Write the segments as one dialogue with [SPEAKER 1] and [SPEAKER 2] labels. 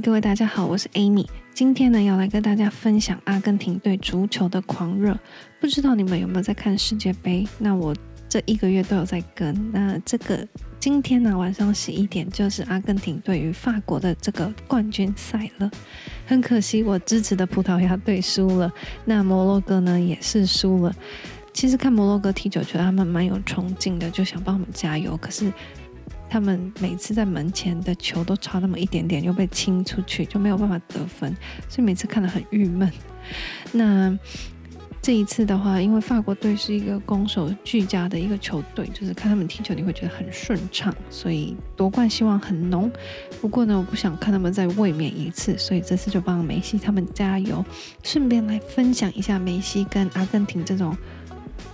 [SPEAKER 1] 各位大家好，我是 Amy。今天呢，要來跟大家分享阿根廷對足球的狂熱。不知道你們有沒有在看世界盃？那我這一個月都有在跟。那這個今天呢，晚上十一點就是阿根廷對於法國的這個冠軍賽了。很可惜，我支持的葡萄牙隊輸了。那摩洛哥呢，也是輸了。其實看摩洛哥踢球，覺得他們蠻有衝勁的，就想幫我們加油。可是。他們每次在門前的球都差那麼一點點，又被清出去，就沒有辦法得分，所以每次看得很鬱悶。那這一次的話，因為法國隊是一個攻守俱佳的一個球隊，就是看他們踢球你會覺得很順暢，所以奪冠希望很濃。不過呢，我不想看他們再衛冕一次，所以這次就幫梅西他們加油，順便來分享一下梅西跟阿根廷這種。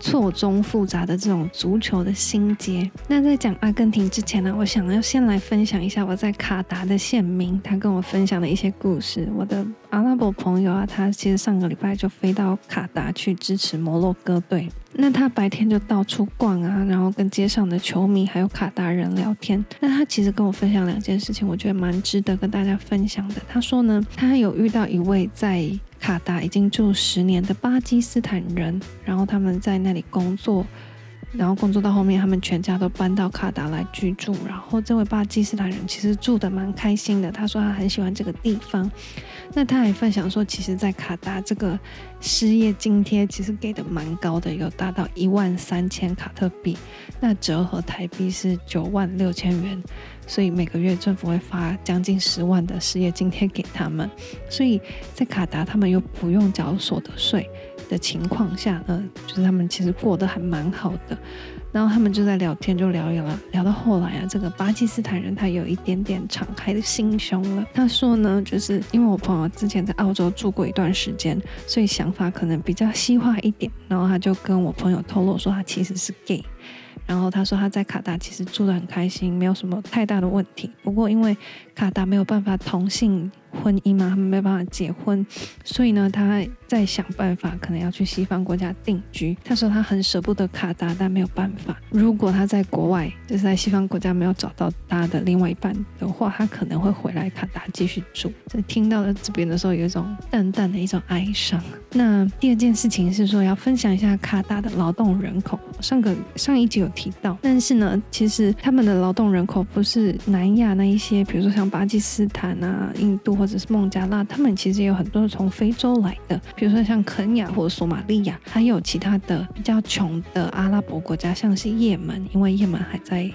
[SPEAKER 1] 錯綜複雜的這種足球的心結。那在講阿根廷之前呢，我想要先來分享一下我在卡達的線人，他跟我分享的一些故事。我的阿拉伯朋友啊，他其實上個禮拜就飛到卡達去支持摩洛哥隊。那他白天就到處逛啊，然後跟街上的球迷還有卡達人聊天。那他其實跟我分享兩件事情，我覺得蠻值得跟大家分享的。他說呢，他有遇到一位在卡達已經住十年的巴基斯坦人，然後他們在那裡工作，然後工作到後面，他們全家都搬到卡達來居住。然後這位巴基斯坦人其實住得蠻開心的，他說他很喜歡這個地方。那他還分享說，其實，在卡達這個。失業津貼其實給的蠻高的，有達到一萬三千卡特幣，那折合台幣是九萬六千元，所以每個月政府會發將近十萬的失業津貼給他們，所以在卡達他們又不用繳所得稅的情況下呢，就是他們其實過得還蠻好的。然後他們就在聊天，就聊了聊。聊到後來啊，這個巴基斯坦人他有一點點敞開的心胸了。他說呢，就是因為我朋友之前在澳洲住過一段時間，所以想法可能比較西化一點。然後他就跟我朋友透露說，他其實是 gay。然後他說他在卡達其實住得很開心，沒有什麼太大的問題。不過因為卡達沒有辦法同性婚姻嘛，他們沒有辦法結婚，所以呢，他在想辦法，可能要去西方國家定居。他說他很捨不得卡達，但沒有辦法。如果他在國外，就是在西方國家沒有找到他的另外一半的話，他可能會回來卡達繼續住。所以聽到了這邊的時候，有一種淡淡的一種哀傷。那第二件事情是說要分享一下卡達的勞動人口。上個上一集有提到，但是呢，其實他們的勞動人口不是南亞那一些，比如說像。巴基斯坦啊，印度或者是孟加拉，他們其實也有很多從非洲來的，比如說像肯亞或者索馬利亞，還有其他的比較窮的阿拉伯國家，像是也門，因為也門還在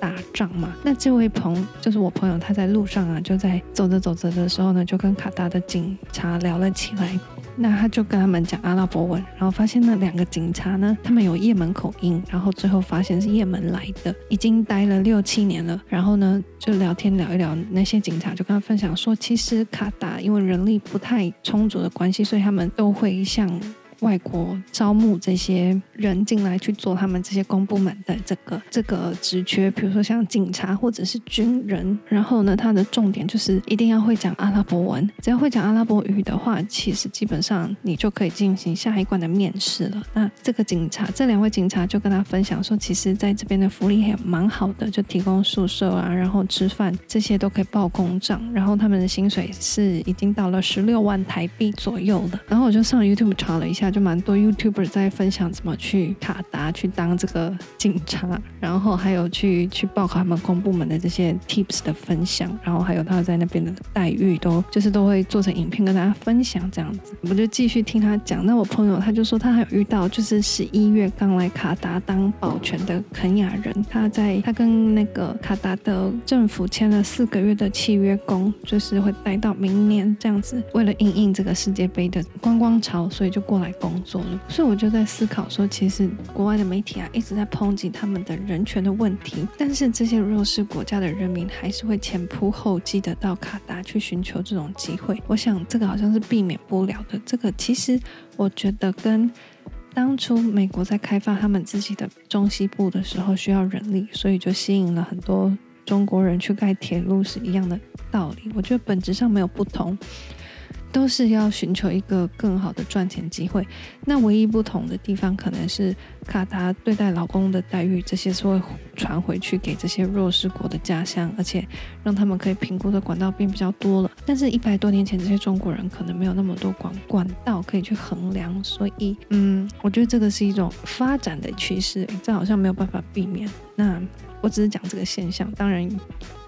[SPEAKER 1] 打仗嘛。那這位朋友，就是我朋友，他在路上啊，就在走着走着的時候呢，就跟卡達的警察聊了起來。那他就跟他們講阿拉伯文，然後發現那兩個警察呢，他們有葉門口音，然後最後發現是葉門來的，已經待了六七年了。然後呢，就聊天聊一聊，那些警察就跟他分享說，其實卡達因為人力不太充足的關係，所以他們都會向外國招募這些人進來去做他們這些公部門的這個這個職缺，比如說像警察或者是軍人，然後呢，他的重點就是一定要會講阿拉伯文。只要會講阿拉伯語的話，其實基本上你就可以進行下一關的面試了。那這個警察，這兩位警察就跟他分享說，其實在這邊的福利還蠻好的，就提供宿舍啊，然後吃飯這些都可以報公賬，然後他們的薪水是已經到了十六萬台幣左右的。然後我就上 YouTube 查了一下。就蠻多 YouTuber 在分享怎麼去卡達去當這個警察，然後還有去去報考他們公部門的這些 tips 的分享，然後還有他在那邊的待遇都就是都會做成影片，跟大家分享這樣子。我就繼續聽他講，那我朋友他就說他還有遇到就是十一月剛來卡達當保全的肯雅人，他在他跟那個卡達的政府簽了四個月的契約工，就是會待到明年這樣子，為了應應這個世界盃的觀光潮，所以就過來工作了，所以我就在思考說，其實國外的媒體啊一直在抨擊他們的人權的問題，但是這些弱勢國家的人民還是會前仆後繼的到卡達去尋求這種機會。我想這個好像是避免不了的。這個其實我覺得跟當初美國在開發他們自己的中西部的時候需要人力，所以就吸引了很多中國人去蓋鐵路是一樣的道理。我覺得本質上沒有不同。都是要尋求一個更好的賺錢機會，那唯一不同的地方可能是卡達對待勞工的待遇，這些是會傳回去給這些弱勢國的家鄉，而且讓他們可以評估的管道變比較多了。但是，一百多年前這些中國人可能沒有那麼多管管道可以去衡量，所以，嗯，我覺得這個是一種發展的趨勢，這好像沒有辦法避免。那。我只是講這個現象，當然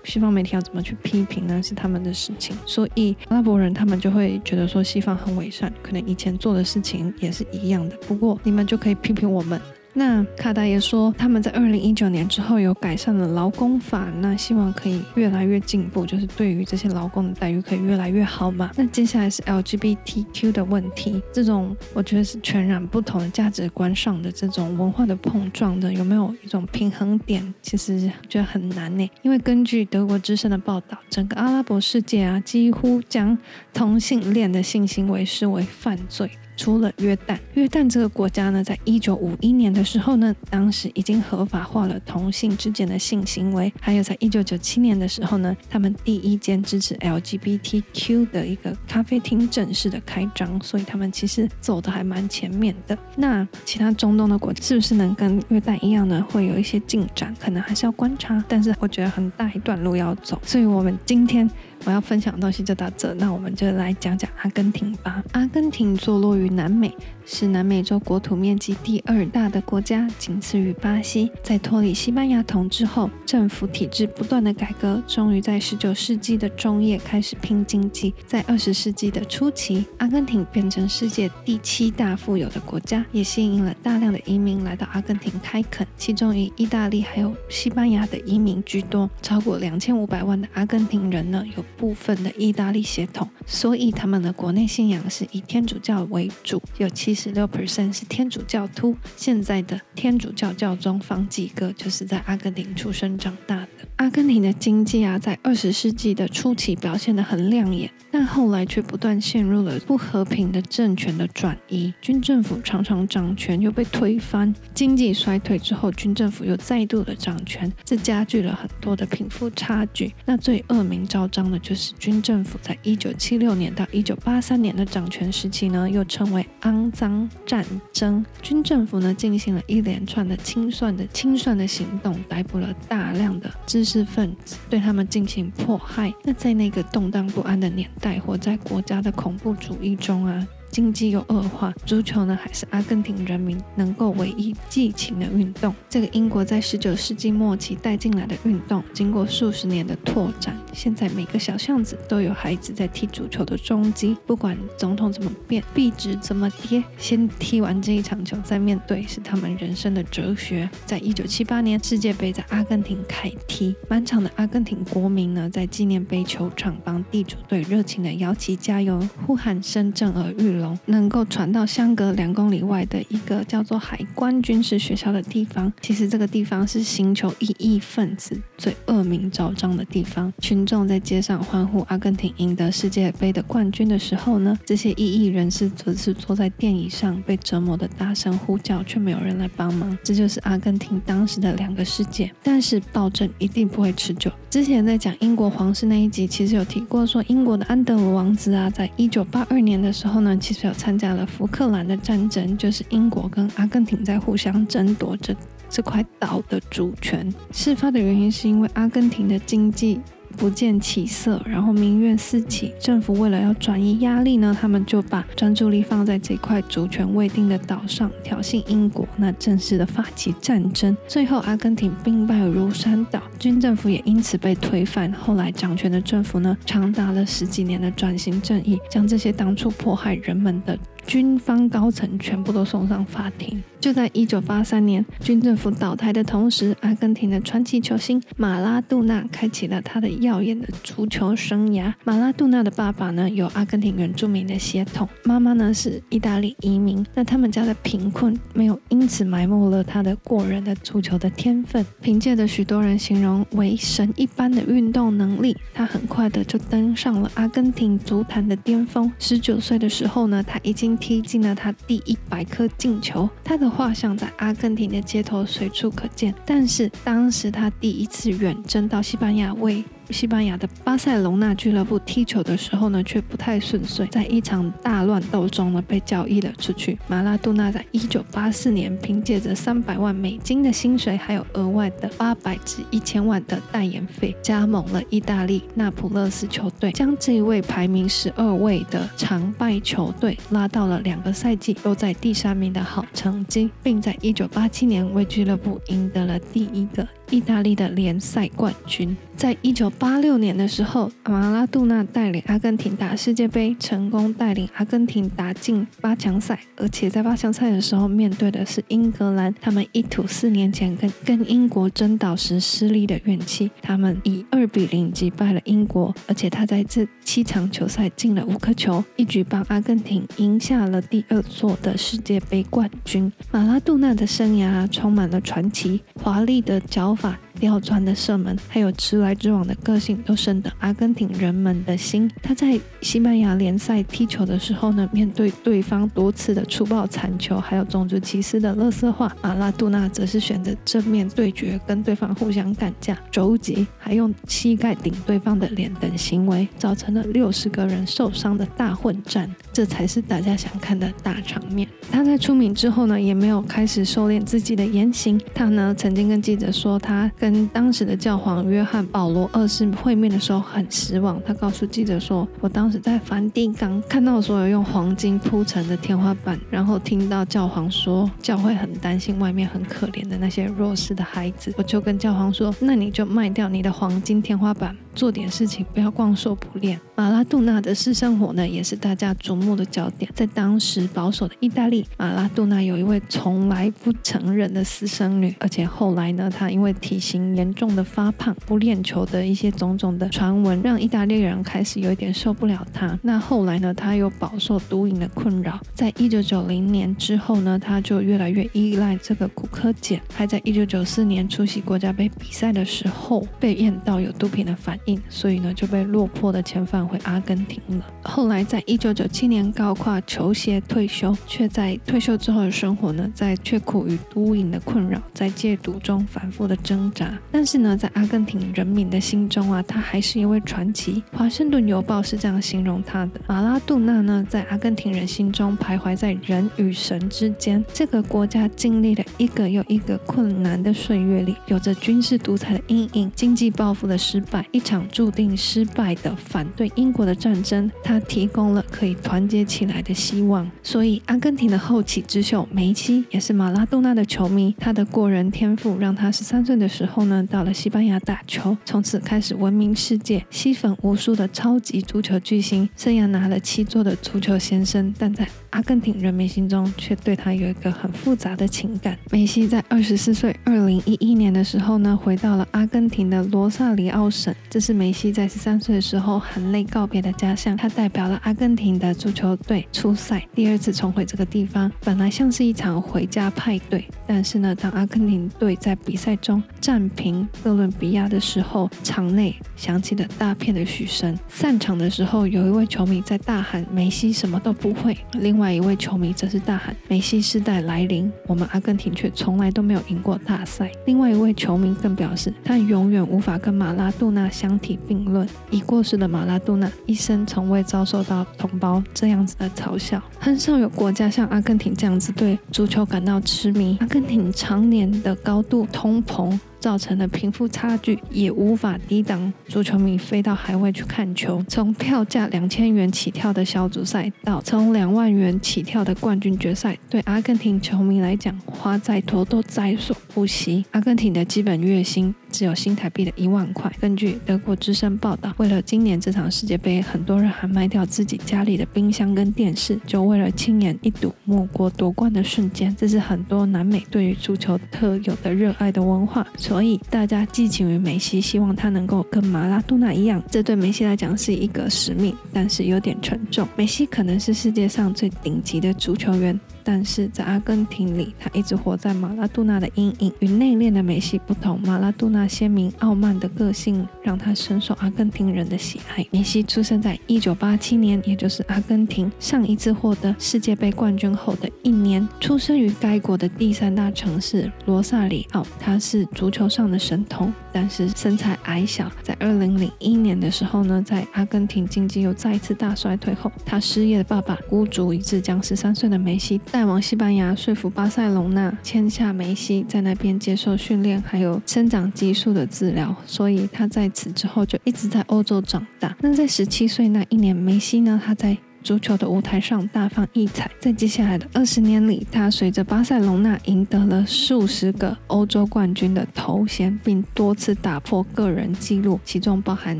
[SPEAKER 1] 西方媒體要怎麼去批評呢？是他們的事情。所以阿拉伯人他們就會覺得說西方很偽善，可能以前做的事情也是一樣的。不過你們就可以批評我們。那卡達也說，他們在二零一九年之後有改善了勞工法，那希望可以越來越進步，就是對於這些勞工的待遇可以越來越好嘛。那接下來是 LGBTQ 的問題，這種我覺得是全然不同的價值觀上的這種文化的碰撞的，有沒有一種平衡點？其實覺得很難呢，因為根據德國之聲的報道，整個阿拉伯世界啊，幾乎將同性戀的性行為視為犯罪。除了約旦，約旦這個國家呢，在一九五一年的時候呢，當時已經合法化了同性之間的性行為，還有在一九九七年的時候呢，他們第一間支持 LGBTQ 的一個咖啡廳正式的開張，所以他們其實走得還蠻前面的。那其他中東的國家是不是能跟約旦一樣呢？會有一些進展，可能還是要觀察，但是我覺得很大一段路要走，所以我們今天。我要分享的東西就到這兒，那我們就來講講阿根廷吧。阿根廷坐落於南美。是南美洲國土面積第二大的國家，僅次於巴西。在脫離西班牙統治後，政府體制不斷的改革，終於在十九世紀的中葉開始拼經濟。在二十世紀的初期，阿根廷變成世界第七大富有的國家，也吸引了大量的移民來到阿根廷開墾。其中以意大利還有西班牙的移民居多，超過兩千五百萬的阿根廷人呢，有部分的意大利血統，所以他們的國內信仰是以天主教為主，有七。十六 percent 是天主教徒。現在的天主教教宗方濟各就是在阿根廷出生長大的。阿根廷的經濟啊，在二十世紀的初期表現得很亮眼，但後來卻不斷陷入了不和平的政權的轉移。軍政府常常掌權又被推翻，經濟衰退之後，軍政府又再度的掌權，這加劇了很多的貧富差距。那最惡名昭彰的就是軍政府，在一九七六年到一九八三年的掌權時期呢，又稱為骯。當戰爭軍政府呢進行了一連串的清算的清算的行動，逮捕了大量的知識分子，對他們進行迫害。那在那個動盪不安的年代，活在國家的恐怖主義中啊。經濟又惡化，足球呢還是阿根廷人民能夠唯一激情的運動。這個英國在19世紀末期帶進來的運動，經過數十年的拓展，現在每個小巷子，都有孩子在踢足球的蹤跡。不管總統怎麼變，壁紙怎麼跌，先踢完這一場球，再面對是他們人生的哲學。在一九七八年世界杯在阿根廷開踢，滿場的阿根廷國民呢在紀念碑球場幫地主隊熱情的搖旗加油，呼喊聲震耳欲聾。能夠傳到相隔兩公里外的一個叫做海關軍事學校的地方。其實這個地方是刑求異議分子最惡名昭彰的地方。群眾在街上歡呼阿根廷贏得世界盃的冠軍的時候呢，這些異議人士則是坐在電椅上被折磨的大聲呼叫，卻沒有人來幫忙。這就是阿根廷當時的兩個世界。但是暴政一定不會持久。之前在講英國皇室那一集，其實有提過說，英國的安德魯王子啊，在一九八二年的時候呢，其參加了福克蘭的戰爭，就是英國跟阿根廷在互相爭奪這這塊島的主權。事發的原因是因為阿根廷的經濟。不見起色，然後民怨四起。政府為了要轉移壓力呢，他們就把專注力放在這塊主權未定的島上挑釁英國，那正式的發起戰爭。最後，阿根廷兵敗如山倒，軍政府也因此被推翻。後來掌權的政府呢，長達了十幾年的轉型正義，將這些當初迫害人們的。軍方高層全部都送上法庭。就在一九八三年，軍政府倒台的同時，阿根廷的傳奇球星馬拉度納開啟了他的耀眼的足球生涯。馬拉度納的爸爸呢，有阿根廷原住民的血統，媽媽呢是意大利移民。那他們家的貧困沒有因此埋沒了他的過人的足球的天分，憑借着許多人形容為神一般的運動能力，他很快的就登上了阿根廷足壇的巔峰。十九歲的時候呢，他已經。踢進了他第一百顆進球，他的畫像在阿根廷的街頭隨處可見。但是當時他第一次遠征到西班牙為西班牙的巴塞隆納俱樂部踢球的時候呢，卻不太順遂，在一場大亂鬥中呢，被交易了出去。馬拉度納在1984年憑借着三百萬美金的薪水，還有額外的八百至一千萬的代言費，加盟了意大利那普勒斯球隊，將這位排名十二位的常敗球隊拉到了兩個賽季都在第三名的好成績，並在1987年為俱樂部贏得了第一個。意大利的聯賽冠軍，在一九八六年的時候，馬拉度納帶領阿根廷打世界杯，成功帶領阿根廷打進八強賽，而且在八強賽的時候面對的是英格蘭，他們一吐四年前跟跟英國爭島時失利的怨氣，他們以二比零擊敗了英國，而且他在這七場球賽進了五顆球，一舉幫阿根廷贏下了第二座的世界杯冠軍。馬拉度納的生涯充滿了傳奇，華麗的腳。吊鑽的射門，還有直來直往的個性，都深得阿根廷人們的心。他在西班牙聯賽踢球的時候呢，面對對方多次的粗暴鏟球，還有種族歧視的垃圾話，馬拉度納則是選擇正面對決，跟對方互相幹架、肘擊，還用膝蓋頂對方的臉等行為，造成了六十個人受傷的大混戰。這才是大家想看的大場面。他在出名之後呢，也沒有開始收斂自己的言行。他呢，曾經跟記者說，他跟跟當時的教皇約翰保羅二世會面的時候很失望，他告訴記者說：“我當時在梵蒂岡看到所有用黃金鋪成的天花板，然後聽到教皇說教會很擔心外面很可憐的那些弱勢的孩子，我就跟教皇說，那你就賣掉你的黃金天花板。”做點事情，不要光說不練。馬拉度納的私生活呢，也是大家矚目的焦點。在當時保守的意大利，馬拉度納有一位從來不承認的私生女，而且後來呢，她因為體型嚴重的發胖、不練球的一些種種的傳聞，讓意大利人開始有一點受不了她。那後來呢，她又飽受毒癮的困擾。在一九九零年之後呢，她就越來越依賴這個古柯鹼。還在一九九四年出席國家杯比賽的時候，被驗到有毒品的反應。所以呢，就被落魄的遣返回阿根廷了。後來，在一九九七年高掛球鞋退休，卻在退休之後的生活呢，在卻苦於毒癮的困擾，在戒毒中反覆的掙扎。但是呢，在阿根廷人民的心中啊，他還是一位傳奇。華盛頓郵報是這樣形容他的：馬拉度納呢，在阿根廷人心中徘徊在人與神之間。這個國家經歷了一個又一個困難的歲月裡，有着軍事獨裁的陰影，經濟報復的失敗，一直。場注定失敗的反對英國的戰爭，他提供了可以團結起來的希望。所以，阿根廷的後起之秀梅西也是馬拉多納的球迷。他的過人天賦讓他十三歲的時候呢，到了西班牙打球，從此開始聞名世界，吸粉無數的超級足球巨星，生涯拿了七座的足球先生。但在阿根廷人民心中，卻對他有一個很複雜的情感。梅西在二十四歲，二零一一年的時候呢，回到了阿根廷的羅薩里奧省。但是梅西在十三歲的時候含淚告別的家鄉，他代表了阿根廷的足球隊出賽，第二次重回這個地方，本來像是一場回家派對，但是呢，當阿根廷隊在比賽中戰平哥倫比亞的時候，場內響起了大片的噓聲。散場的時候，有一位球迷在大喊：“梅西什麼都不會。”另外一位球迷則是大喊：“梅西時代來臨！”我們阿根廷卻從來都沒有贏過大賽。另外一位球迷更表示：“他永遠無法跟馬拉度納相。”相提並論，已過世的馬拉度納一生從未遭受到同胞這樣子的嘲笑。很少有國家像阿根廷這樣子對足球感到痴迷。阿根廷常年的高度通膨造成的貧富差距也無法抵擋足球迷飛到海外去看球。從票價兩千元起跳的小組賽，到從兩萬元起跳的冠軍決賽，對阿根廷球迷來講，花再多都在所不惜。阿根廷的基本月薪只有新台幣的一萬塊。根據德國之聲報道，為了今年這場世界杯，很多人還賣掉自己家裡的冰箱跟電視，就為了親眼一睹母國奪冠的瞬間。這是很多南美對於足球特有的熱愛的文化。所以大家寄情於梅西，希望他能夠跟馬拉多納一樣。這對梅西來講是一個使命，但是有點沉重。梅西可能是世界上最頂級的足球員。但是在阿根廷裡，他一直活在馬拉度納的陰影。與內斂的梅西不同，馬拉度納鮮明傲慢的個性讓他深受阿根廷人的喜愛。梅西出生在一九八七年，也就是阿根廷上一次獲得世界杯冠軍後的一年，出生於該國的第三大城市羅薩裡奧。他是足球上的神童，但是身材矮小。在二零零一年的時候呢，在阿根廷經濟又再一次大衰退後，他失業的爸爸孤注一擲，將十三歲的梅西。帶往西班牙，說服巴塞隆那簽下梅西，在那邊接受訓練，還有生長激素的治療，所以他在此之後就一直在歐洲長大。那在十七歲那一年，梅西呢，他在。足球的舞台上大放異彩。在接下來的二十年裡，他隨着巴塞隆納贏得了數十個歐洲冠軍的頭銜，並多次打破個人紀錄，其中包含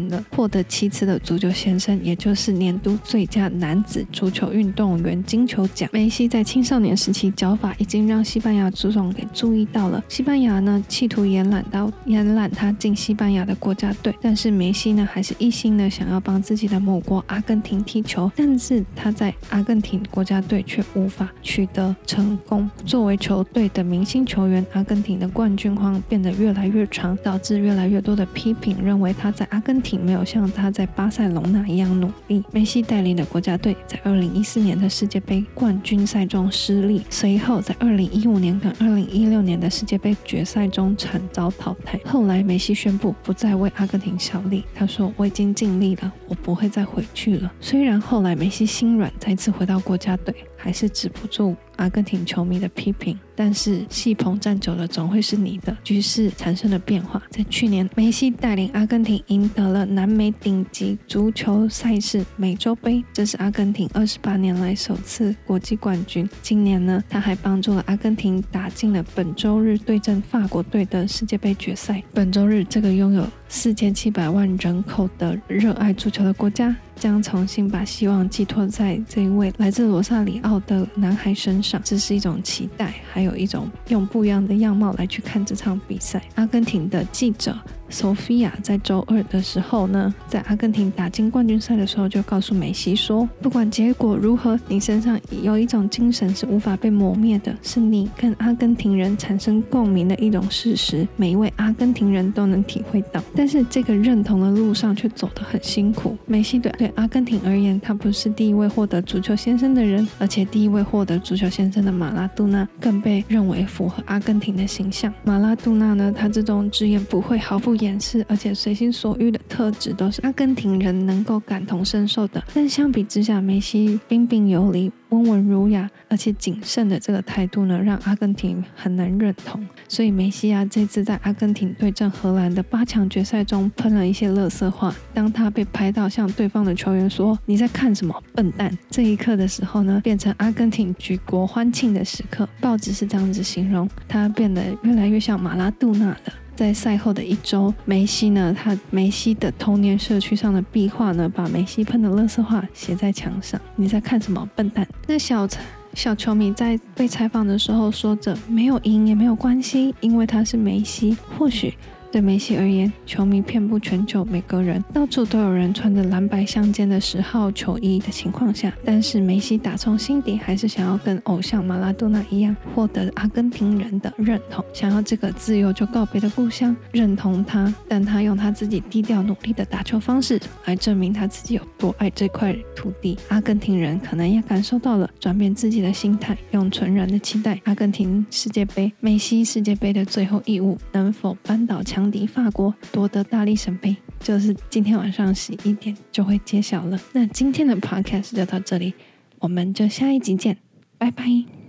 [SPEAKER 1] 了獲得七次的足球先生，也就是年度最佳男子足球運動員金球獎。梅西在青少年時期腳法已經讓西班牙足總給注意到了。西班牙呢，企圖延攬到延攬他進西班牙的國家隊，但是梅西呢，還是一心的想要幫自己的母國阿根廷踢球，但是。是他在阿根廷國家隊卻無法取得成功。作為球隊的明星球員，阿根廷的冠軍荒變得越來越長，導致越來越多的批評認為他在阿根廷沒有像他在巴塞隆納一樣努力。梅西帶領的國家隊在2014年的世界杯冠軍賽中失利，隨後在2015年跟2016年的世界杯決賽中慘遭淘汰。後來，梅西宣布不再為阿根廷效力。他說：“我已經盡力了，我不會再回去了。”雖然後來梅西。心軟，再次回到國家隊，還是止不住阿根廷球迷的批評。但是，戲棚站久了，總會是你的。局勢產生了變化。在去年，梅西帶領阿根廷贏得了南美頂級足球賽事美洲杯，這是阿根廷二十八年來首次國際冠軍。今年呢，他還幫助了阿根廷打進了本周日對陣法國隊的世界杯決賽。本周日，這個擁有四千七百萬人口的熱愛足球的國家。將重新把希望寄托在這一位來自羅薩里奧的男孩身上，這是一種期待，還有一種用不一樣的樣貌來去看這場比賽。阿根廷的記者，索菲亞在週二的時候呢，在阿根廷打進冠軍賽的時候，就告訴梅西說：“不管結果如何，你身上有一種精神是無法被磨滅的，是你跟阿根廷人產生共鳴的一種事實，每一位阿根廷人都能體會到。但是這個認同的路上卻走得很辛苦。”梅西對對阿根廷而言，他不是第一位獲得足球先生的人，而且第一位獲得足球先生的馬拉度納更被認為符合阿根廷的形象。馬拉度納呢，他這種直言不諱、毫不。掩飾而且隨心所欲的特質都是阿根廷人能夠感同身受的，但相比之下，梅西彬彬有禮、溫文儒雅，而且謹慎的這個態度呢，讓阿根廷很難認同。所以梅西啊這次在阿根廷對陣荷蘭的八強決賽中噴了一些垃圾話，當他被拍到向對方的球員說“你在看什麼？笨蛋！”這一刻的時候呢，變成阿根廷舉國歡慶的時刻。報紙是這樣子形容，他變得越來越像馬拉度納了。在賽後的一周，梅西呢，他梅西的童年社區上的壁畫呢，把梅西噴的垃圾話，寫在牆上。你在看什麼，笨蛋？那小小球迷在被採訪的時候說着：“沒有贏也沒有關係，因為他是梅西。”或許。對梅西而言，球迷遍布全球，每個人到處都有人穿着藍白相間的十號球衣的情況下，但是梅西打從心底還是想要跟偶像馬拉度納一樣，獲得阿根廷人的認同，想要這個自幼就告別的故鄉認同他。但他用他自己低調努力的打球方式來證明他自己有多愛這塊土地。阿根廷人可能也感受到了，轉變自己的心態，用純然的期待阿根廷世界杯、梅西世界杯的最後一舞，能否扳倒強。強法國奪得大力神杯，就是今天晚上十一點就會揭曉了。那今天的 Podcast 就到這裡，我們就下一集見，拜拜。